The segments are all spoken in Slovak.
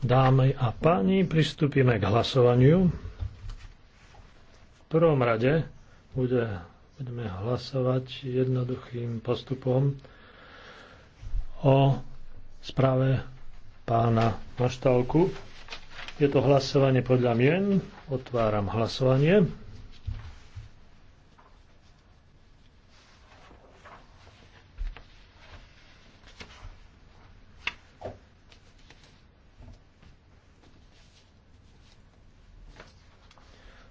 Dámy a páni, pristúpime k hlasovaniu. V prvom rade bude, budeme hlasovať jednoduchým postupom o správe pána Maštalku. Je to hlasovanie podľa mien. Otváram hlasovanie.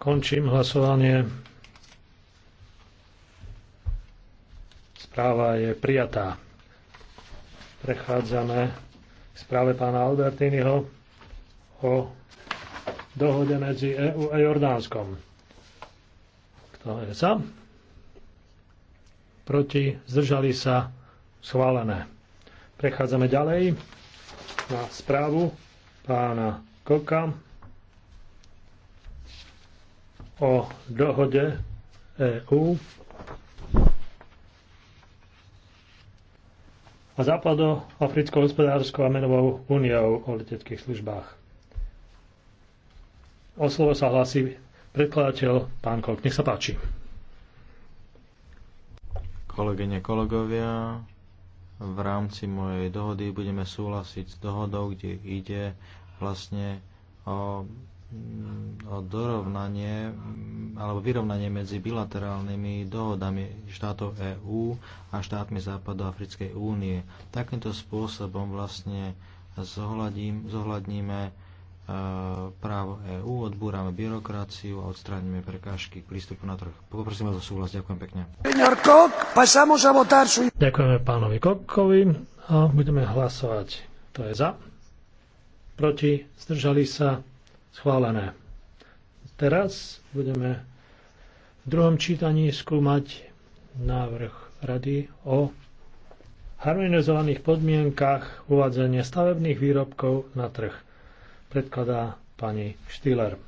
Končím hlasovanie. Správa je prijatá. Prechádzame k správe pána Albertiniho o dohode medzi EU a Jordánskom. Kto je za? Proti? Zdržali sa? Schválené. Prechádzame ďalej na správu pána Koka o dohode EÚ a Západo-Africkou hospodárskou a menovou úniou o leteckých službách. O slovo sa hlási predkladateľ pán Kolk. Nech sa páči. Kolegyne, kolegovia, v rámci mojej dohody budeme súhlasiť s dohodou, kde ide vlastne o Mm, o dorovnanie mm, alebo vyrovnanie medzi bilaterálnymi dohodami štátov EÚ a štátmi Západoafrickej únie. Takýmto spôsobom vlastne zohľadím, zohľadníme e, právo EÚ, odbúrame byrokraciu a odstránime prekážky k prístupu na trh. Poprosím vás o súhlas, ďakujem pekne. Ďakujeme pánovi Kokkovi a budeme hlasovať. To je za, proti, zdržali sa, Schválené. Teraz budeme v druhom čítaní skúmať návrh rady o harmonizovaných podmienkach uvádzania stavebných výrobkov na trh. Predkladá pani Štýler.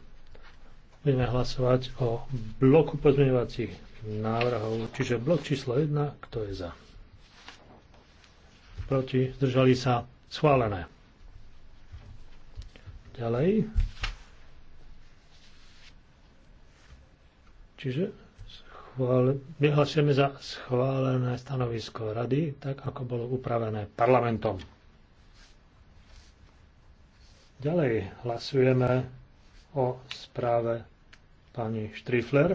Budeme hlasovať o bloku pozmeňovacích návrhov, čiže blok číslo 1, kto je za. Proti, zdržali sa, schválené. Ďalej, Čiže schvál... za schválené stanovisko rady, tak ako bolo upravené parlamentom. Ďalej hlasujeme o správe pani Štrifler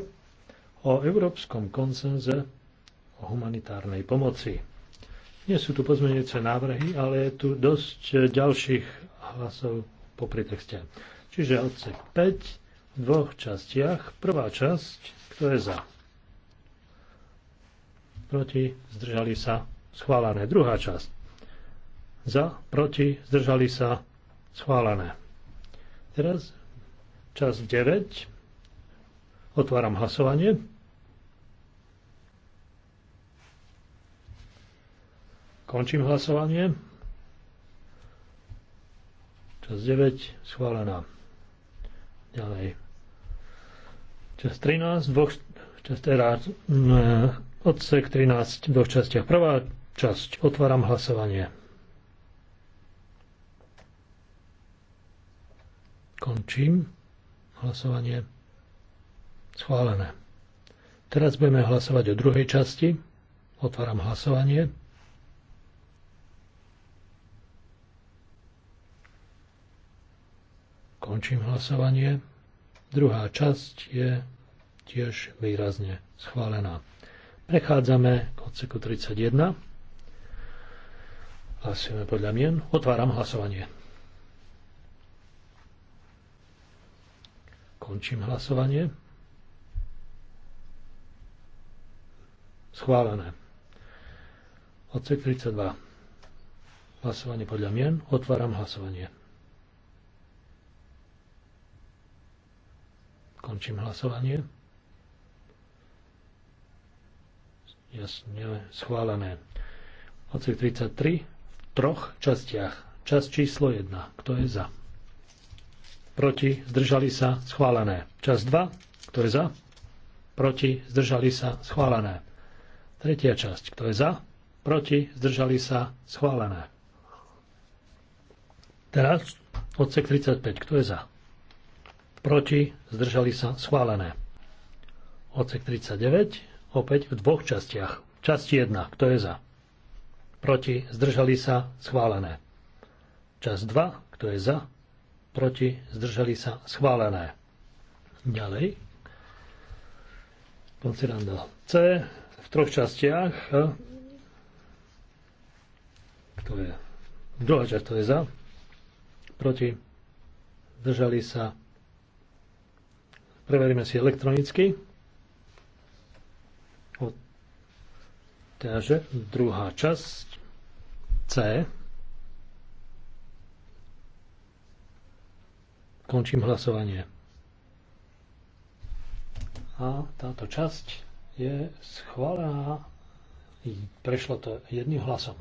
o Európskom konsenze o humanitárnej pomoci. Nie sú tu pozmeňujúce návrhy, ale je tu dosť ďalších hlasov po pretexte. Čiže odsek 5, v dvoch častiach. Prvá časť, kto je za? Proti, zdržali sa, schválené. Druhá časť. Za, proti, zdržali sa, schválené. Teraz čas 9. Otváram hlasovanie. Končím hlasovanie. Čas 9. Schválená. Ďalej. Čas 13, dvoch, čas teraz, mm, odsek 13 v dvoch častiach. Prvá časť, otváram hlasovanie. Končím hlasovanie. Schválené. Teraz budeme hlasovať o druhej časti. Otváram hlasovanie. Končím hlasovanie. Druhá časť je tiež výrazne schválená. Prechádzame k odseku 31. Hlasujeme podľa mien. Otváram hlasovanie. Končím hlasovanie. Schválené. Odsek 32. Hlasovanie podľa mien. Otváram hlasovanie. Končím hlasovanie. Jasne, schválené. Odsek 33 v troch častiach. Čas číslo 1. Kto je za? Proti, zdržali sa, schválené. Čas 2. Kto je za? Proti, zdržali sa, schválené. Tretia časť. Kto je za? Proti, zdržali sa, schválené. Teraz odsek 35. Kto je za? proti, zdržali sa, schválené. Odsek 39, opäť v dvoch častiach. Časť 1, kto je za? Proti, zdržali sa, schválené. Časť 2, kto je za? Proti, zdržali sa, schválené. Ďalej. Koncerando C v troch častiach. Kto je? Druhá časť, kto je za? Proti, zdržali sa, Preveríme si elektronicky. Takže druhá časť C. Končím hlasovanie. A táto časť je schválená. Prešlo to jedným hlasom.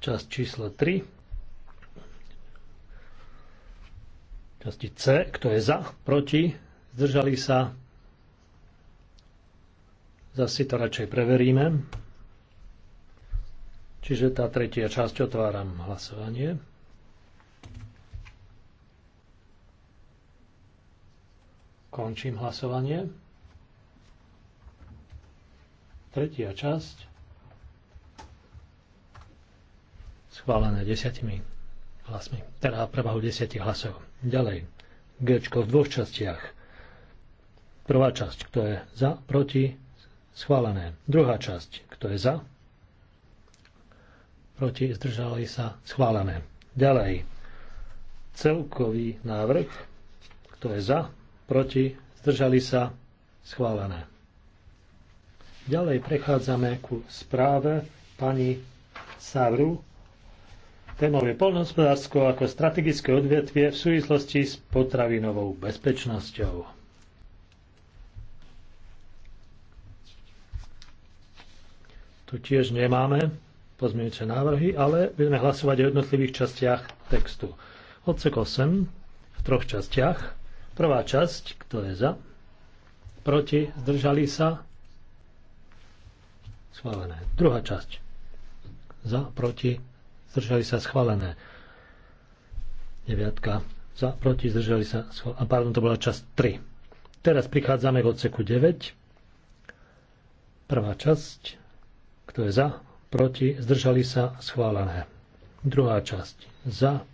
Časť číslo 3. časti C, kto je za, proti, zdržali sa. Zase si to radšej preveríme. Čiže tá tretia časť otváram hlasovanie. Končím hlasovanie. Tretia časť. Schválené desiatimi hlasmi, teda prevahu desiatich hlasov. Ďalej, Gčko v dvoch častiach. Prvá časť, kto je za, proti, schválené. Druhá časť, kto je za, proti, zdržali sa, schválené. Ďalej, celkový návrh, kto je za, proti, zdržali sa, schválené. Ďalej prechádzame ku správe pani Savru Témou je polnohospodárstvo ako strategické odvetvie v súvislosti s potravinovou bezpečnosťou. Tu tiež nemáme pozmeňujúce návrhy, ale budeme hlasovať o jednotlivých častiach textu. Odsek 8 v troch častiach. Prvá časť, kto je za, proti, zdržali sa, schválené. Druhá časť, za, proti, zdržali sa schválené. Deviatka za, proti, zdržali sa schválené. A pardon, to bola časť 3. Teraz prichádzame k odseku 9. Prvá časť, kto je za, proti, zdržali sa schválené. Druhá časť, za,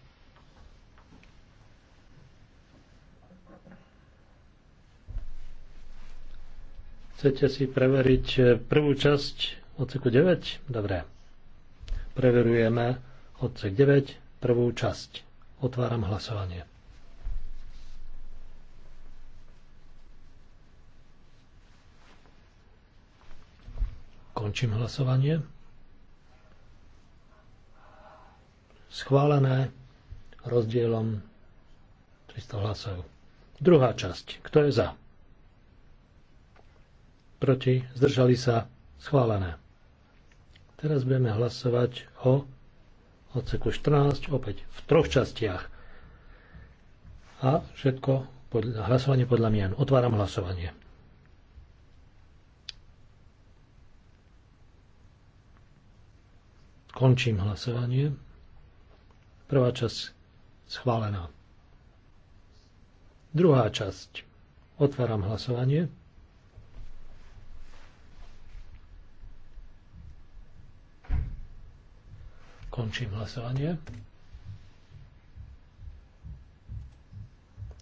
Chcete si preveriť eh, prvú časť odseku 9? Dobre. Preverujeme odsek 9, prvú časť. Otváram hlasovanie. Končím hlasovanie. Schválené rozdielom 300 hlasov. Druhá časť. Kto je za? Proti? Zdržali sa? Schválené. Teraz budeme hlasovať ho odseku 14, opäť v troch častiach. A všetko podľa, hlasovanie podľa mien. Otváram hlasovanie. Končím hlasovanie. Prvá časť schválená. Druhá časť. Otváram hlasovanie. Končím hlasovanie.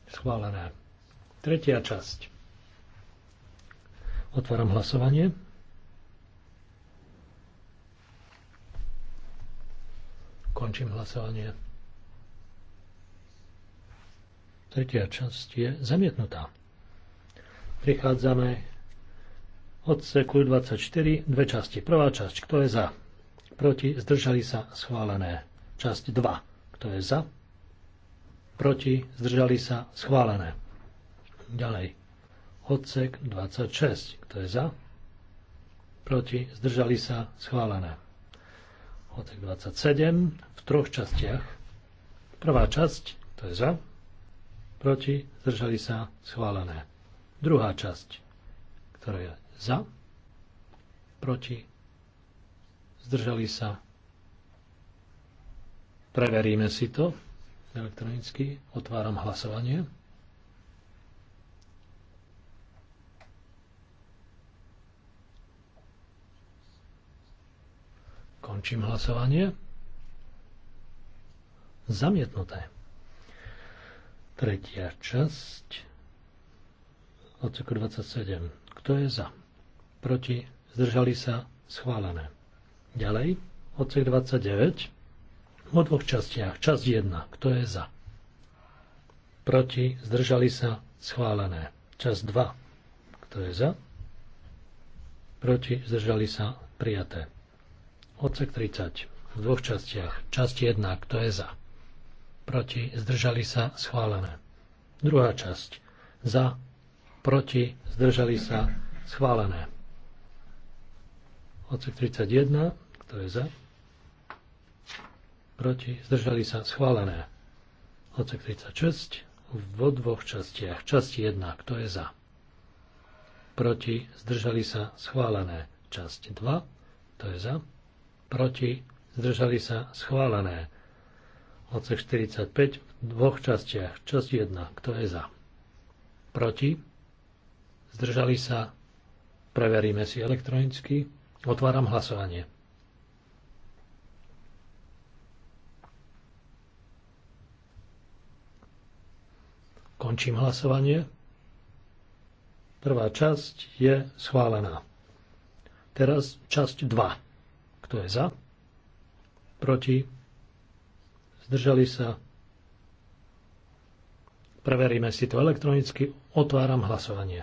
Schválené. Tretia časť. Otváram hlasovanie. Končím hlasovanie. Tretia časť je zamietnutá. Prichádzame odseku 24, dve časti. Prvá časť, kto je za? proti, zdržali sa, schválené. Časť 2, kto je za, proti, zdržali sa, schválené. Ďalej, odsek 26, kto je za, proti, zdržali sa, schválené. Odsek 27 v troch častiach. Prvá časť, kto je za, proti, zdržali sa, schválené. Druhá časť, ktorá je za, proti, zdržali sa. Preveríme si to elektronicky. Otváram hlasovanie. Končím hlasovanie. Zamietnuté. Tretia časť odseku 27. Kto je za? Proti? Zdržali sa? Schválené. Ďalej, odsek 29, vo dvoch častiach. Časť 1, kto je za? Proti, zdržali sa, schválené. Časť 2, kto je za? Proti, zdržali sa, prijaté. Odsek 30, v dvoch častiach. Časť 1, kto je za? Proti, zdržali sa, schválené. Druhá časť, za, proti, zdržali sa, schválené. Odsek 31, kto je za? Proti? Zdržali sa? Schválené. Odsek 36 vo dvoch častiach. Časť 1. Kto je za? Proti? Zdržali sa? Schválené. Časť 2. Kto je za? Proti? Zdržali sa? Schválené. Odsek 45 v dvoch častiach. Časť 1. Kto je za? Proti? Zdržali sa? Preveríme si elektronicky. Otváram hlasovanie. Končím hlasovanie. Prvá časť je schválená. Teraz časť 2. Kto je za? Proti? Zdržali sa? Preveríme si to elektronicky. Otváram hlasovanie.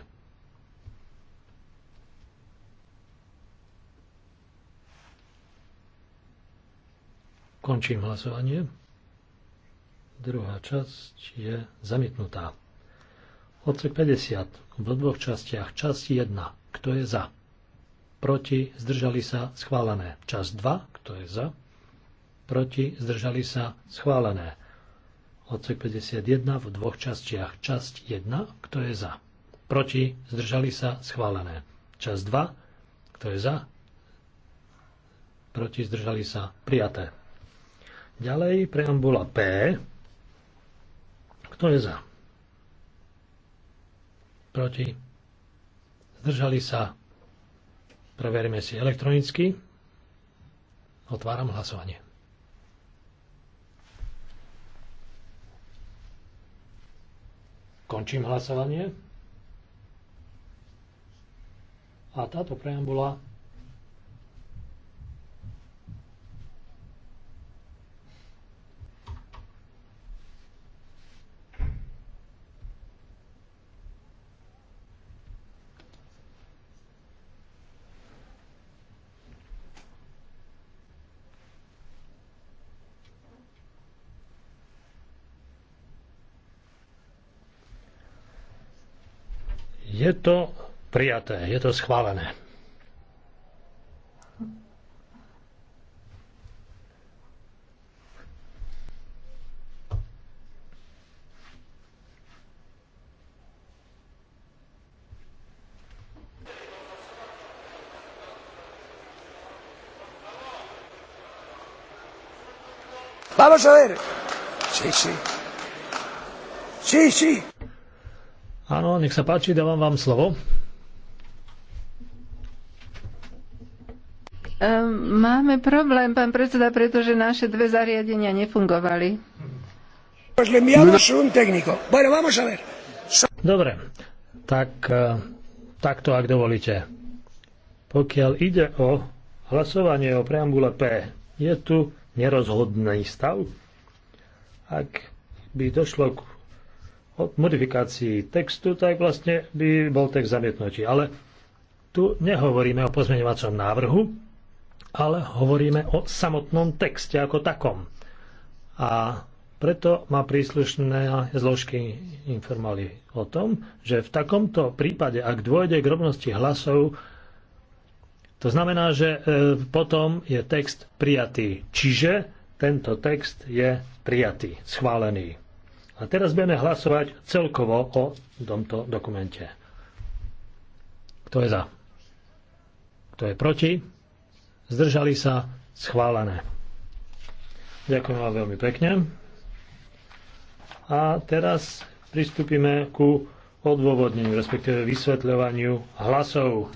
Končím hlasovanie. Druhá časť je zamietnutá. Odsek 50 v dvoch častiach. Časť 1. Kto je za? Proti zdržali sa schválené. Čas 2. Kto je za? Proti zdržali sa schválené. Odsek 51 v dvoch častiach. Časť 1. Kto je za? Proti zdržali sa schválené. Čas 2. Kto je za? Proti zdržali sa prijaté. Ďalej preambula P kto je za? Proti? Zdržali sa? Preveríme si elektronicky. Otváram hlasovanie. Končím hlasovanie. A táto preambula Je to prijaté, je to schválené. Vamos a ver. Sí, sí. Sí, sí nech sa páči, dávam vám slovo. Ehm, máme problém, pán predseda, pretože naše dve zariadenia nefungovali. No. Dobre, tak eh, takto, ak dovolíte. Pokiaľ ide o hlasovanie o preambule P, je tu nerozhodný stav. Ak by došlo k modifikácii textu, tak vlastne by bol text zamietnutý. Ale tu nehovoríme o pozmeňovacom návrhu, ale hovoríme o samotnom texte ako takom. A preto má príslušné zložky informovali o tom, že v takomto prípade, ak dôjde k rovnosti hlasov, to znamená, že e, potom je text prijatý. Čiže tento text je prijatý, schválený. A teraz budeme hlasovať celkovo o tomto dokumente. Kto je za? Kto je proti? Zdržali sa? Schválené. Ďakujem vám veľmi pekne. A teraz pristúpime ku odôvodneniu, respektíve vysvetľovaniu hlasov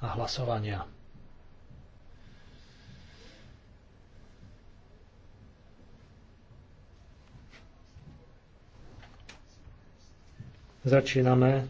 a hlasovania. Začíname